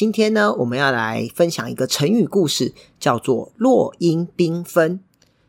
今天呢，我們要來分享一個成語故事，叫做“落英繽紛”。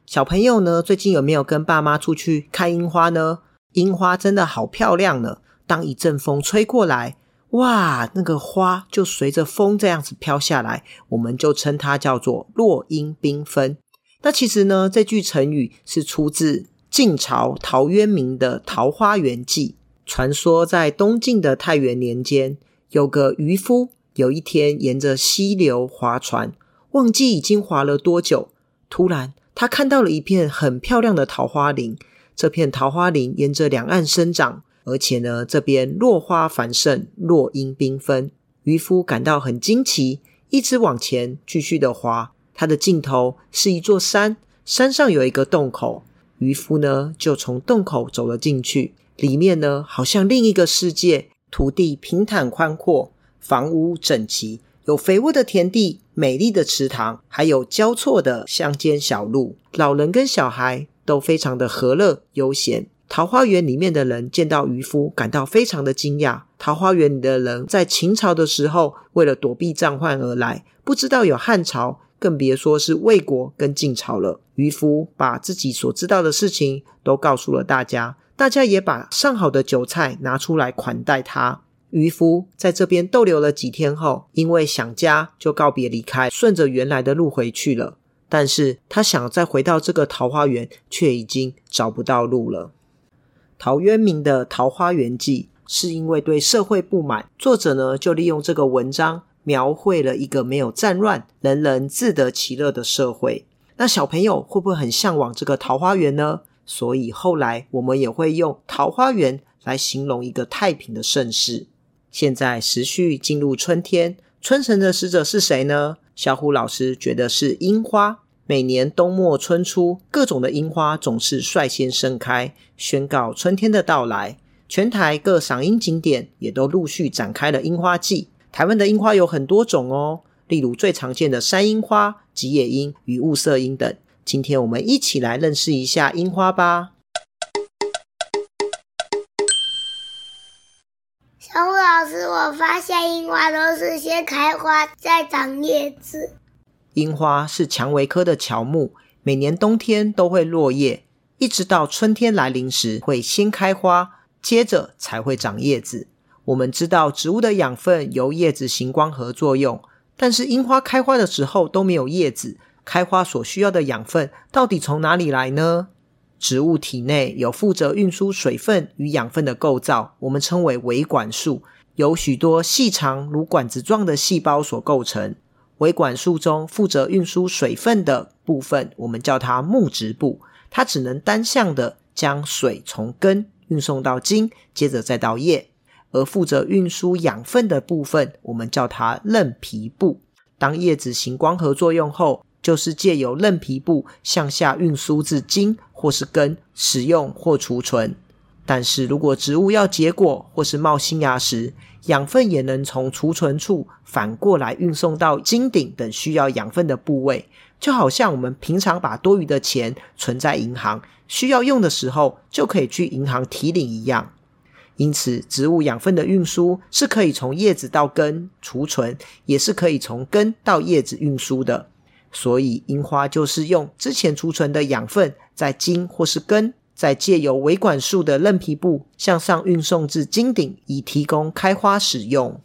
小朋友呢，最近有沒有跟爸媽出去看櫻花呢？櫻花真的好漂亮呢。當一陣風吹過來，哇，那個花就隨着風這樣子飄下來，我們就稱它叫做“落英繽紛”。那其實呢，這句成語是出自晉朝陶淵明的《桃花源記》。傳說在東晉的太元年間，有個漁夫。有一天，沿着溪流划船，忘記已經划了多久。突然，他看到了一片很漂亮的桃花林。這片桃花林沿着兩岸生長，而且呢，這邊落花繁盛，落英繽紛。漁夫感到很驚奇，一直往前繼續地划。它的盡頭是一座山，山上有一個洞口。漁夫呢，就從洞口走了進去。裡面呢，好像另一個世界，土地平坦寬闊。房屋整齊，有肥沃的田地、美麗的池塘，還有交錯的鄉間小路。老人跟小孩都非常的和樂悠閒。桃花源裡面的人見到漁夫，感到非常的驚訝。桃花源裡的人在秦朝的時候，為了躲避戰亂而來，不知道有漢朝，更別說是魏國跟晉朝了。漁夫把自己所知道的事情都告訴了大家，大家也把上好的酒菜拿出來款待他。漁夫在這邊逗留了幾天後，因為想家，就告別離開，順着原來的路回去了。但是他想再回到這個桃花源，卻已經找不到路了。陶淵明的《桃花源記》是因為對社會不滿，作者呢就利用這個文章描繪了一個沒有戰亂、人人自得其樂的社會。那小朋友會不會很向往這個桃花源呢？所以後來我們也會用桃花源來形容一個太平的盛世。現在時序進入春天，春神的使者是誰呢？小虎老師覺得是櫻花。每年冬末春初，各種的櫻花總是率先盛開，宣告春天的到來。全台各賞櫻景點也都陸續展開了櫻花季。台灣的櫻花有很多種哦，例如最常見的山櫻花、吉野櫻與霧社櫻等。今天我們一起來認識一下櫻花吧。是我發現櫻花都是先開花再長葉子。櫻花是薔薇科的喬木，每年冬天都會落葉，一直到春天來臨時會先開花，接着才會長葉子。我們知道植物的養分由葉子行光合作用，但是櫻花開花的時候都沒有葉子，開花所需要的養分到底從哪裡來呢？植物體內有負責運輸水分與養分的構造，我們稱為維管束。由許多細長如管子狀的細胞所構成，維管束中負責運輸水分的部分，我們叫它木質部，它只能單向的將水從根運送到莖，接着再到葉；而負責運輸養分的部分，我們叫它韌皮部。當葉子行光合作用後，就是借由韌皮部向下運輸至莖或是根，使用或儲存。但是如果植物要結果或是冒新芽時，養分也能從儲存處反過來運送到莖頂等需要養分的部位，就好像我們平常把多餘的錢存在銀行，需要用的時候就可以去銀行提領一樣。因此，植物養分的運輸是可以從葉子到根儲存，也是可以從根到葉子運輸的。所以，櫻花就是用之前儲存的養分在莖或是根，在借由維管束的韌皮部向上運送至莖頂，以提供開花使用。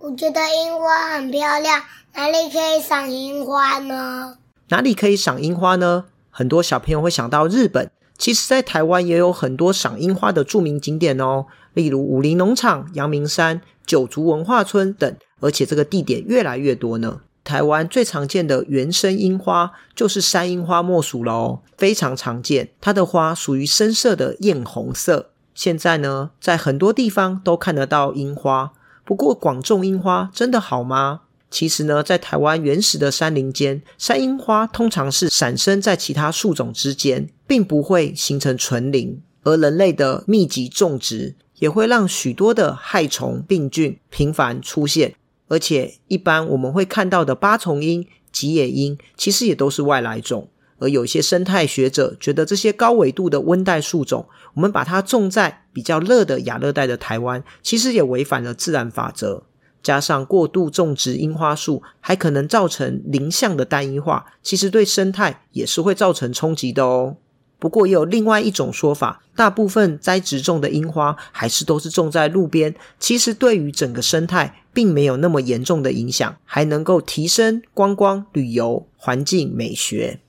我覺得櫻花很漂亮，哪裡可以賞櫻花呢？哪裡可以賞櫻花呢？很多小朋友會想到日本，其實在台灣也有很多賞櫻花的著名景點哦，例如武陵農場、陽明山、九族文化村等，而且這個地點越來越多呢。台灣最常見的原生櫻花就是山櫻花莫屬了哦，非常常見。它的花屬於深色的豔紅色。現在呢，在很多地方都看得到櫻花。不過廣種櫻花真的好嗎？其實呢，在台灣原始的山林間，山櫻花通常是散生在其他樹種之間，並不會形成純林。而人類的密集種植，也會讓許多的害蟲、病菌頻繁出現。而且一般我們會看到的八重櫻、吉野櫻，其實也都是外來種。而有些生態學者覺得，這些高緯度的溫帶樹種，我們把它種在比較熱的亞熱帶的台灣，其實也違反了自然法則。加上過度種植櫻花樹，還可能造成林相的單一化，其實對生態也是會造成衝擊的哦。不過也有另外一種說法，大部分栽植種的櫻花，還是都是種在路邊，其實對於整個生態，並沒有那麼嚴重的影響，還能夠提升觀光旅遊環境美學。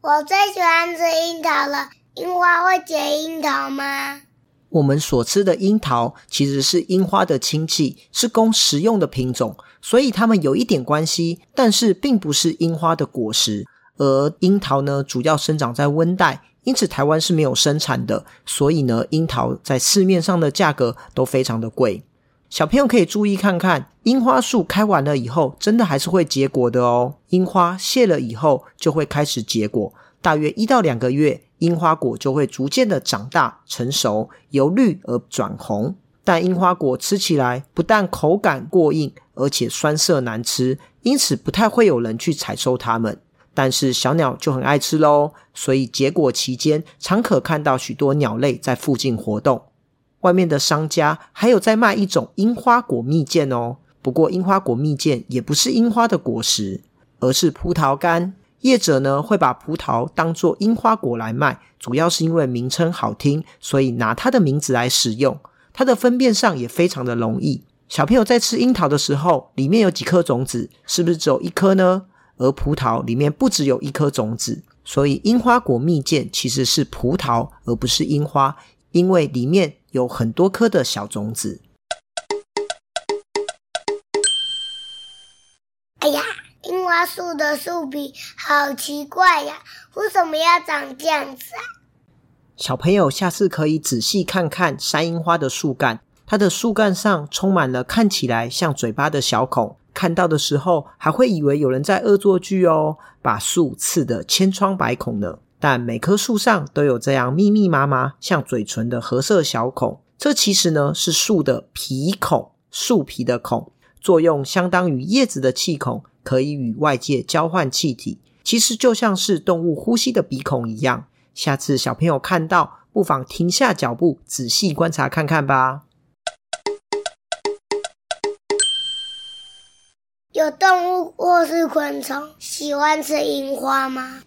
我最喜歡吃櫻桃了。櫻花會結櫻桃嗎？我們所吃的櫻桃其實是櫻花的親戚，是供食用的品種，所以它們有一點關係，但是並不是櫻花的果實。而櫻桃呢，主要生長在溫帶。因此，台灣是沒有生產的，所以呢，櫻桃在市面上的價格都非常的貴。小朋友可以注意看看，櫻花樹開完了以後，真的還是會結果的哦。櫻花謝了以後，就會開始結果，大約一到兩個月，櫻花果就會逐漸的長大成熟，由綠而轉紅。但櫻花果吃起來不但口感過硬，而且酸澀難吃，因此不太會有人去採收它們。但是小鳥就很愛吃嘍，所以結果期間常可看到許多鳥類在附近活動。外面的商家還有在賣一種櫻花果蜜餞哦，不過櫻花果蜜餞也不是櫻花的果實，而是葡萄乾。業者呢，會把葡萄當做櫻花果來賣，主要是因為名稱好聽，所以拿它的名字來使用。它的分辨上也非常的容易。小朋友在吃櫻桃的時候，裡面有幾顆種子，是不是只有一顆呢？而葡萄裡面不只有一顆種子，所以櫻花果蜜餞其實是葡萄，而不是櫻花，因為裡面有很多顆的小種子。哎呀，櫻花樹的樹皮好奇怪呀，啊，為什麼要長這樣子啊？小朋友下次可以仔細看看山櫻花的樹幹，它的樹幹上充滿了看起來像嘴巴的小孔。看到的時候，還會以為有人在惡作劇哦，把樹刺得千瘡百孔呢。但每棵樹上都有這樣密密麻麻、像嘴唇的褐色小孔，這其實呢是樹的皮孔，樹皮的孔，作用相當於葉子的氣孔，可以與外界交換氣體。其實就像是動物呼吸的鼻孔一樣。下次小朋友看到，不妨停下腳步，仔細觀察看看吧。動物或是昆蟲喜歡吃櫻花嗎？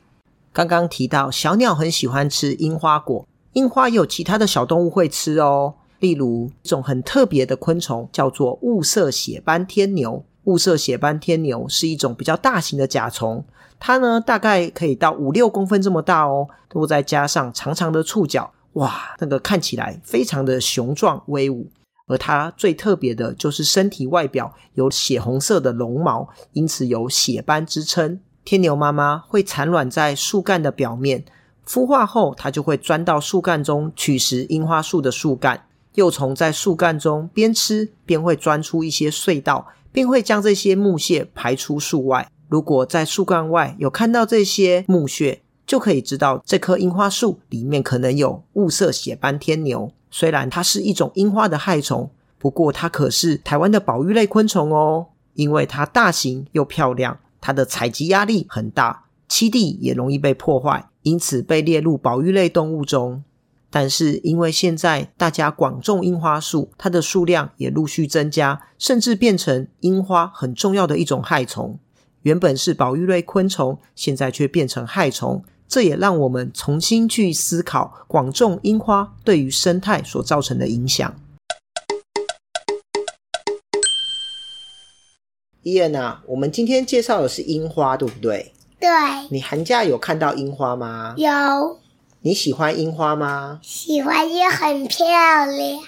剛剛提到小鳥很喜歡吃櫻花果，櫻花有其他的小動物會吃哦。例如一種很特別的昆蟲叫做霧社血斑天牛。霧社血斑天牛是一種比較大型的甲蟲，它呢大概可以到五六公分這麼大哦。都再加上長長的觸角，哇，那個看起來非常的雄壯威武。而它最特別的就是身體外表有血紅色的絨毛，因此有血斑之稱。天牛媽媽會產卵在樹幹的表面，孵化後它就會鑽到樹幹中取食櫻花樹的樹幹。幼蟲在樹幹中邊吃邊會鑽出一些隧道，並會將這些木屑排出樹外。如果在樹幹外有看到這些木屑，就可以知道這棵櫻花樹裡面可能有霧社血斑天牛。雖然它是一種櫻花的害蟲，不過它可是台灣的保育類昆蟲哦。因為它大型又漂亮，它的採集壓力很大，棲地也容易被破壞，因此被列入保育類動物中。但是因為現在大家廣種櫻花樹，它的數量也陸續增加，甚至變成櫻花很重要的一種害蟲。原本是保育類昆蟲，現在卻變成害蟲。這也讓我們重新去思考廣種櫻花對於生態所造成的影響。伊恩啊，我們今天介紹的是櫻花，對不對？對。你寒假有看到櫻花嗎？有。你喜歡櫻花嗎？喜歡，也很漂亮。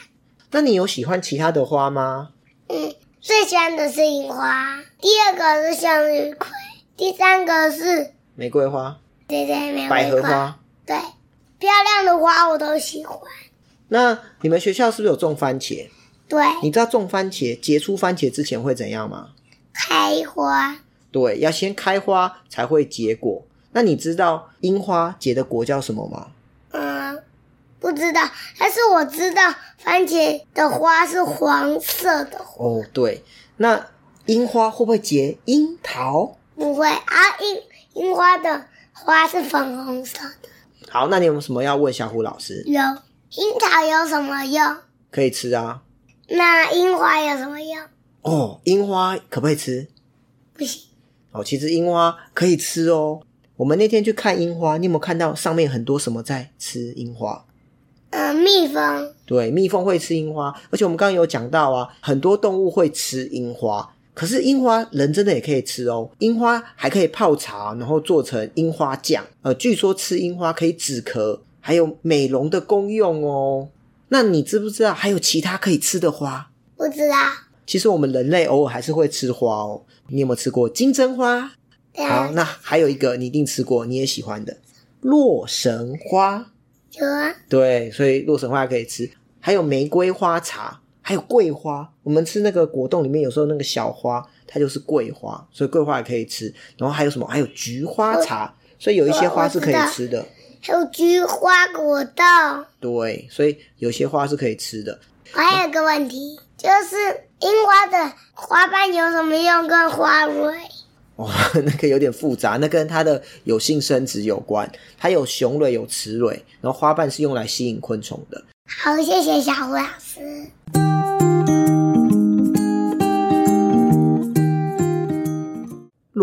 那你有喜歡其他的花嗎？嗯，最喜歡的是櫻花，第二個是向日葵，第三個是玫瑰花。百合花，花。對，漂亮的花我都喜歡。那你們學校是不是有種番茄？對，你知道種番茄結出番茄之前會怎樣嗎？開花。對，要先開花才會結果。那你知道櫻花結的果叫什麼嗎？嗯，不知道，但是我知道番茄的花是黃色的花，啊。哦，對，那櫻花會不會結櫻桃？不會啊，櫻、櫻花的。花是粉紅色的。好，那你有沒有什麼要問小虎老師？有，櫻桃有什麼用？可以吃啊。那櫻花有什麼用？哦，櫻花可不可以吃？不行。哦，其實櫻花可以吃哦。我們那天去看櫻花，你有沒有看到上面很多什麼在吃櫻花？呃，蜜蜂。對，蜜蜂會吃櫻花，而且我們剛剛有講到啊，很多動物會吃櫻花。可是櫻花人真的也可以吃哦，櫻花還可以泡茶，然後做成櫻花醬。呃，據說吃櫻花可以止咳，還有美容的功用哦。那你知不知道還有其他可以吃的花？不知道。其實我們人類偶爾還是會吃花哦。你有沒有吃過金針花？對啊。好，那還有一個你一定吃過，你也喜歡的洛神花。有啊。對，所以洛神花還可以吃，還有玫瑰花茶。還有桂花，我們吃那個果凍裡面有時候那個小花，它就是桂花，所以桂花也可以吃。然後還有什麼？還有菊花茶。我所以有一些花是可以吃的。還有菊花果凍。對，所以有些花是可以吃的。我還有一個問題，就是櫻花的花瓣有什麼用？跟花蕊？哇、哦，那個有點複雜，那跟它的有性生殖有關。它有雄蕊，有雌蕊，然後花瓣是用來吸引昆蟲的。好，謝謝小虎老師。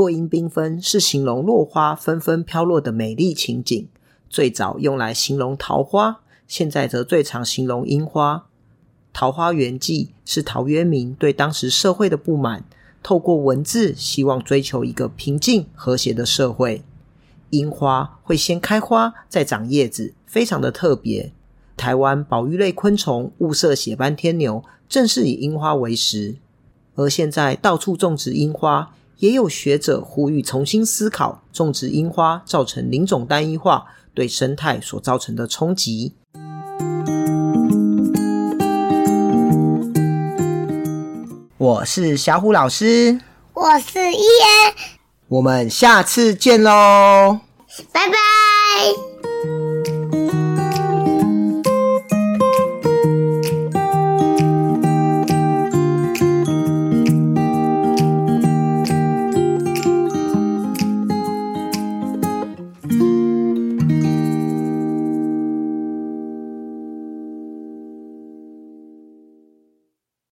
落英繽紛是形容落花紛紛飄落的美麗情景，最早用來形容桃花，現在則最常形容櫻花。《桃花源記》是陶淵明對當時社會的不滿，透過文字希望追求一個平靜和諧的社會。櫻花會先開花再長葉子，非常的特別。台灣保育類昆蟲霧社血斑天牛正是以櫻花為食，而現在到處種植櫻花。也有學者呼籲重新思考種植櫻花造成林種單一化對生態所造成的衝擊。我是小虎老師，我是伊恩，我們下次見嘍，拜拜。